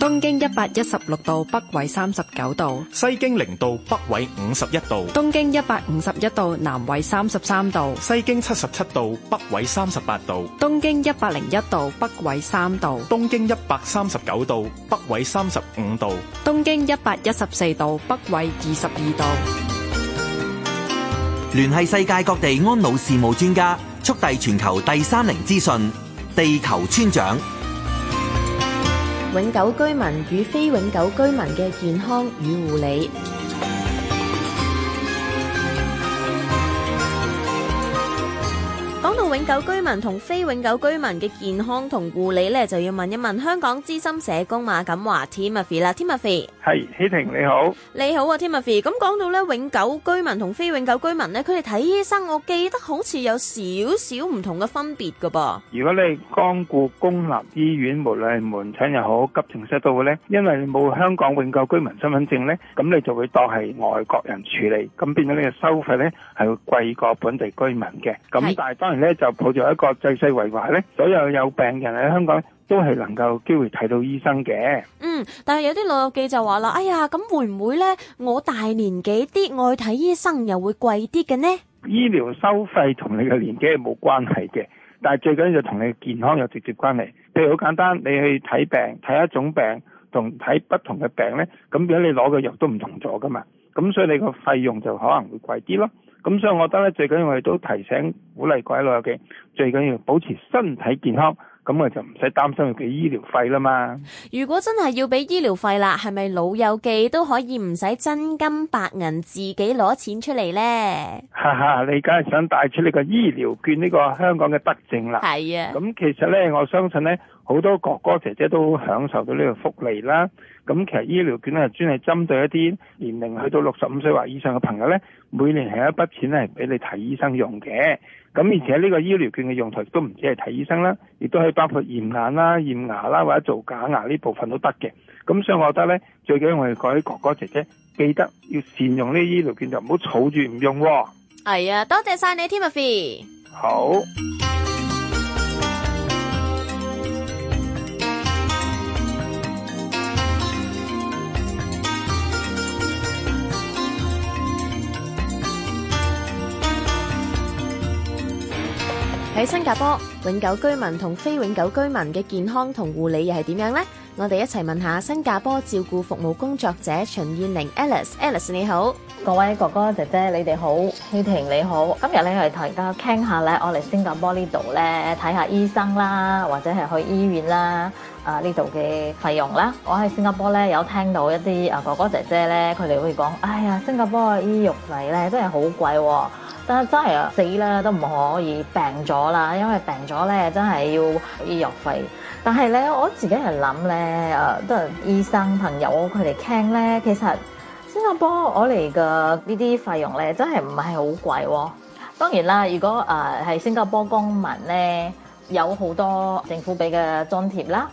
東經一百一十六度北緯三十九度，西經零度北緯五十一度，京度度東經一百五十一度南緯三十三度，西經七十七度北緯三十八度，京度度東經一百零一度北緯三度，度東經一百三十九度北緯三十五度，度東經一百一十四度北緯二十二度，聯繫世界各地安老事務專家，速遞全球第三齡資訊，地球村長。永久居民與非永久居民嘅健康與護理。永久居民同非永久居民嘅健康同護理咧，就要問一問香港資深社工馬錦華 Timothy 啦。Timothy，係，希婷你好，你好啊 Timothy。咁講到咧永久居民同非永久居民咧，佢哋睇醫生，我記得好似有少少唔同嘅分別噶噃。如果你係光顧公立醫院，無論係門診又好，急症室度嘅咧，因為你冇香港永久居民身份證咧，咁你就會當係外國人處理，咁變咗呢個收費咧，係會貴過本地居民嘅。咁但係當然咧。就抱住一個濟世為懷咧，所有有病人喺香港都係能夠機會睇到醫生嘅。嗯，但係有啲老友記就話啦，哎呀，咁會唔會呢？我大年紀啲，我去睇醫生又會貴啲嘅呢？醫療收費同你嘅年紀係冇關係嘅，但係最緊要就同你嘅健康有直接關係。譬如好簡單，你去睇病睇一種病同睇不同嘅病呢，咁如果你攞嘅藥都唔同咗㗎嘛，咁所以你個費用就可能會貴啲咯。咁所以，我覺得咧最緊要我哋都提醒鼓勵各位老友記，最緊要保持身體健康，咁啊就唔使擔心佢嘅醫療費啦嘛。如果真係要俾醫療費啦，係咪老友記都可以唔使真金白銀自己攞錢出嚟咧？哈哈，你梗係想帶出呢個醫療券呢個香港嘅德政啦？係啊。咁其實咧，我相信咧，好多哥哥姐姐都享受到呢個福利啦。咁其實醫療券咧，專係針對一啲年齡去到六十五歲或以上嘅朋友咧，每年係有一筆錢係俾你睇醫生用嘅。咁而且呢個醫療券嘅用途亦都唔止係睇醫生啦，亦都可以包括驗眼啦、驗牙啦或者做假牙呢部分都得嘅。咁所以我覺得咧，最緊要係各位哥哥姐姐記得要善用呢啲醫療券就唔好儲住唔用喎。係啊，哎，多謝晒你，Timothy。好。喺新加坡，永久居民同非永久居民嘅健康同護理又係點樣呢？我哋一齊問下新加坡照顧服務工作者秦燕玲 （Alice）。Alice 你好，各位哥哥姐姐你哋好，希婷你好。今日你嚟同大家傾下咧，我嚟新加坡呢度咧睇下醫生啦，或者係去醫院啦，啊呢度嘅費用啦。我喺新加坡咧有聽到一啲啊哥哥姐姐咧，佢哋會講，哎呀，新加坡嘅醫藥費咧真係好貴。但真係死啦都唔可以病咗啦，因為病咗咧真係要醫藥費。但係咧我自己係諗咧，誒、呃、都係醫生朋友佢哋傾咧，其實新加坡我嚟嘅呢啲費用咧真係唔係好貴喎。當然啦，如果誒係、呃、新加坡公民咧，有好多政府俾嘅津貼啦。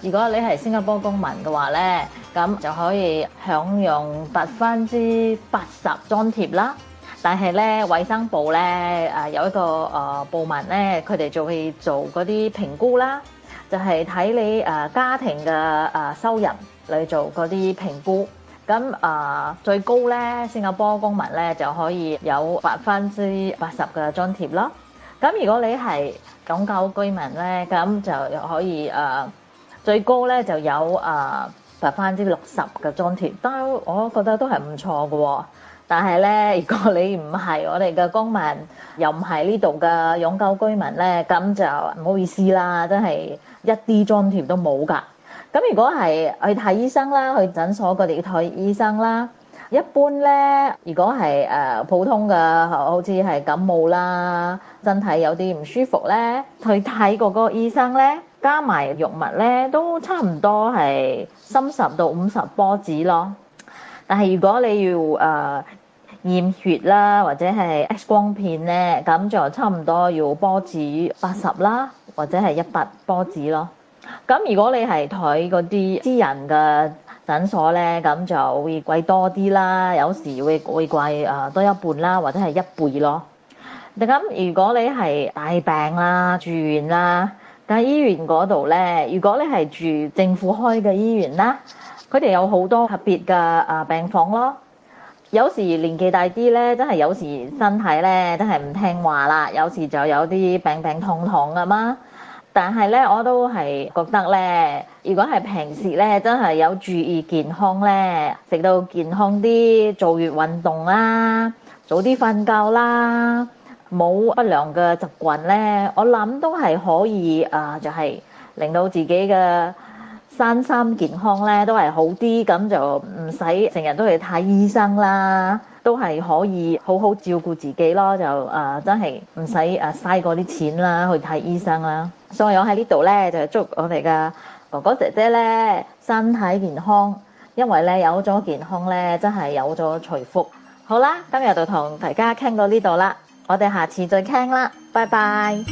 如果你係新加坡公民嘅話咧，咁就可以享用百分之八十津貼啦。但係咧，衛生部咧，誒有一個誒、呃、部門咧，佢哋就會做嗰啲評估啦，就係、是、睇你誒、呃、家庭嘅誒、呃、收入嚟做嗰啲評估。咁誒、呃、最高咧，新加坡公民咧就可以有百分之八十嘅津貼咯。咁如果你係永久居民咧，咁就又可以誒、呃、最高咧就有誒百分之六十嘅津貼。但我覺得都係唔錯嘅喎。但係咧，如果你唔係我哋嘅公民，又唔係呢度嘅永久居民咧，咁就唔好意思啦，真係一啲津貼都冇㗎。咁如果係去睇醫生啦，去診所嗰啲睇醫生啦，一般咧，如果係誒普通嘅，好似係感冒啦，身體有啲唔舒服咧，去睇嗰個醫生咧，加埋藥物咧，都差唔多係三十到五十波子咯。但係如果你要誒、呃、驗血啦，或者係 X 光片咧，咁就差唔多要波子八十啦，或者係一百波子咯。咁如果你係睇嗰啲私人嘅診所咧，咁就會貴多啲啦，有時會會貴誒多一半啦，或者係一倍咯。咁如果你係大病啦、住院啦，但係醫院嗰度咧，如果你係住政府開嘅醫院啦。佢哋有好多特別嘅啊病房咯，有時年紀大啲咧，真係有時身體咧真係唔聽話啦，有時就有啲病病痛痛㗎嘛。但係咧，我都係覺得咧，如果係平時咧，真係有注意健康咧，食到健康啲，做月運動啦，早啲瞓覺啦，冇不良嘅習慣咧，我諗都係可以啊、呃，就係、是、令到自己嘅。身心健康咧都係好啲，咁就唔使成日都去睇醫生啦，都係可以好好照顧自己咯。就啊、呃，真係唔使啊嘥過啲錢啦，去睇醫生啦。所以我喺呢度咧就是、祝我哋嘅哥哥姐姐咧身體健康，因為咧有咗健康咧真係有咗財福。好啦，今日就同大家傾到呢度啦，我哋下次再傾啦，拜拜。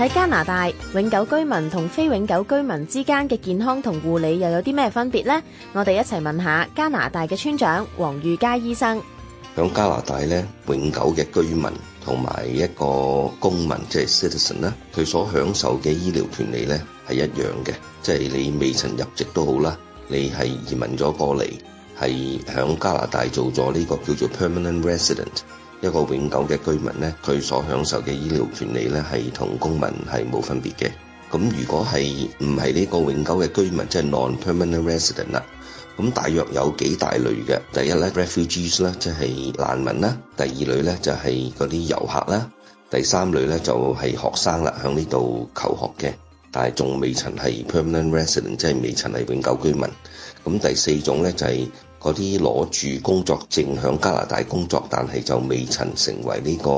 喺加拿大，永久居民同非永久居民之間嘅健康同護理又有啲咩分別呢？我哋一齊問下加拿大嘅村長黃裕佳醫生。響加拿大咧，永久嘅居民同埋一個公民，即係 citizen 咧，佢所享受嘅醫療權利咧係一樣嘅，即係你未曾入籍都好啦，你係移民咗過嚟，係響加拿大做咗呢個叫做 permanent resident。一個永久嘅居民咧，佢所享受嘅醫療權利咧，係同公民係冇分別嘅。咁如果係唔係呢個永久嘅居民，即係 non-permanent resident 啦，咁大約有幾大類嘅。第一咧，refugees 啦，即係難民啦；第二類呢，就係嗰啲遊客啦；第三類呢，就係學生啦，響呢度求學嘅，但係仲未曾係 permanent resident，即係未曾係永久居民。咁第四種呢，就係，嗰啲攞住工作證響加拿大工作，但係就未曾成為呢個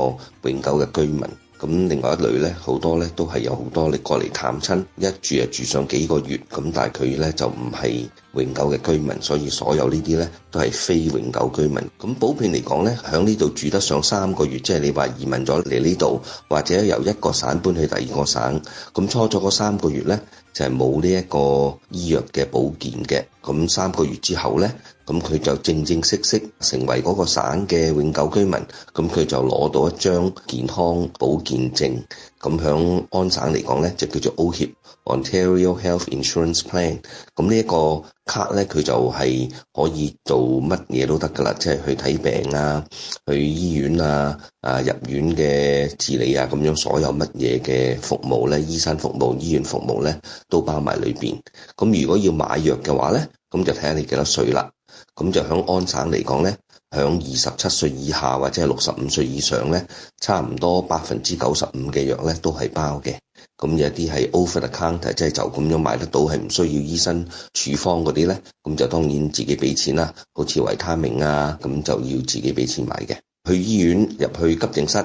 永久嘅居民。咁另外一類呢，好多呢都係有好多你過嚟探親，一住就住上幾個月。咁但係佢呢就唔係永久嘅居民，所以所有呢啲呢都係非永久居民。咁普遍嚟講呢，響呢度住得上三個月，即係你話移民咗嚟呢度，或者由一個省搬去第二個省，咁初咗嗰三個月呢。就係冇呢一個醫藥嘅保健嘅，咁三個月之後呢，咁佢就正正式式成為嗰個省嘅永久居民，咁佢就攞到一張健康保健證，咁響安省嚟講呢，就叫做 OHIP Ontario Health Insurance Plan，咁呢一個卡咧佢就係可以做乜嘢都得噶啦，即係去睇病啊，去醫院啊，啊入院嘅治理啊，咁樣所有乜嘢嘅服務呢，醫生服務、醫院服務呢，都包埋裏邊。咁如果要買藥嘅話呢，咁就睇下你幾多歲啦。咁就響安省嚟講呢，響二十七歲以下或者係六十五歲以上呢，差唔多百分之九十五嘅藥呢，都係包嘅。咁有啲係 over the counter，即係就咁樣買得到，係唔需要醫生處方嗰啲呢。咁就當然自己俾錢啦。好似維他命啊，咁就要自己俾錢買嘅。去醫院入去急症室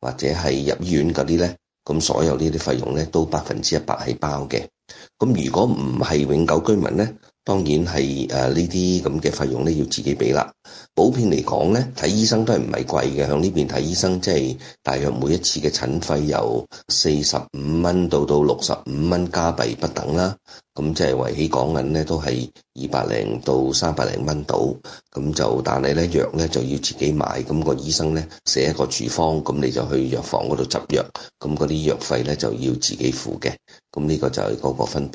或者係入醫院嗰啲呢，咁所有呢啲費用呢，都百分之一百係包嘅。咁如果唔係永久居民呢？當然係誒呢啲咁嘅費用呢，要自己俾啦。普遍嚟講呢，睇醫生都係唔係貴嘅，喺呢邊睇醫生即係大約每一次嘅診費由四十五蚊到到六十五蚊加幣不等啦。咁即係維起港銀呢，都係二百零到三百零蚊度。咁就但係呢藥呢，就要自己買，咁個醫生呢，寫一個處方，咁你就去藥房嗰度執藥，咁嗰啲藥費呢，就要自己付嘅。咁呢個就係嗰個分。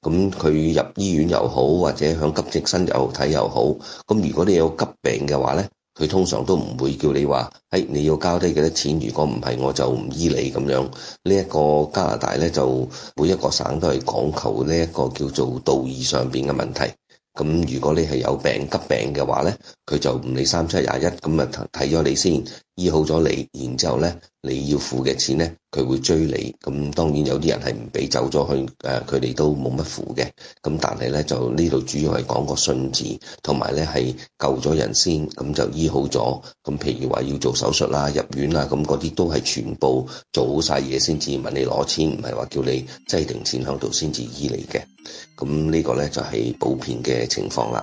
咁佢入醫院又好，或者響急症室又睇又好。咁如果你有急病嘅話呢，佢通常都唔會叫你話，誒，你要交低幾多錢？如果唔係，我就唔醫你咁樣。呢一個加拿大呢，就每一個省都係講求呢一個叫做道義上邊嘅問題。咁如果你係有病急病嘅話呢，佢就唔理三七廿一咁啊睇咗你先。醫好咗你，然之後呢，你要付嘅錢呢，佢會追你。咁當然有啲人係唔俾走咗去，誒，佢哋都冇乜付嘅。咁但係呢，就呢度主要係講個信字，同埋呢係救咗人先，咁就醫好咗。咁譬如話要做手術啦、入院啦，咁嗰啲都係全部做好晒嘢先至問你攞錢，唔係話叫你擠定錢喺度先至醫你嘅。咁呢個呢，就係普遍嘅情況啦。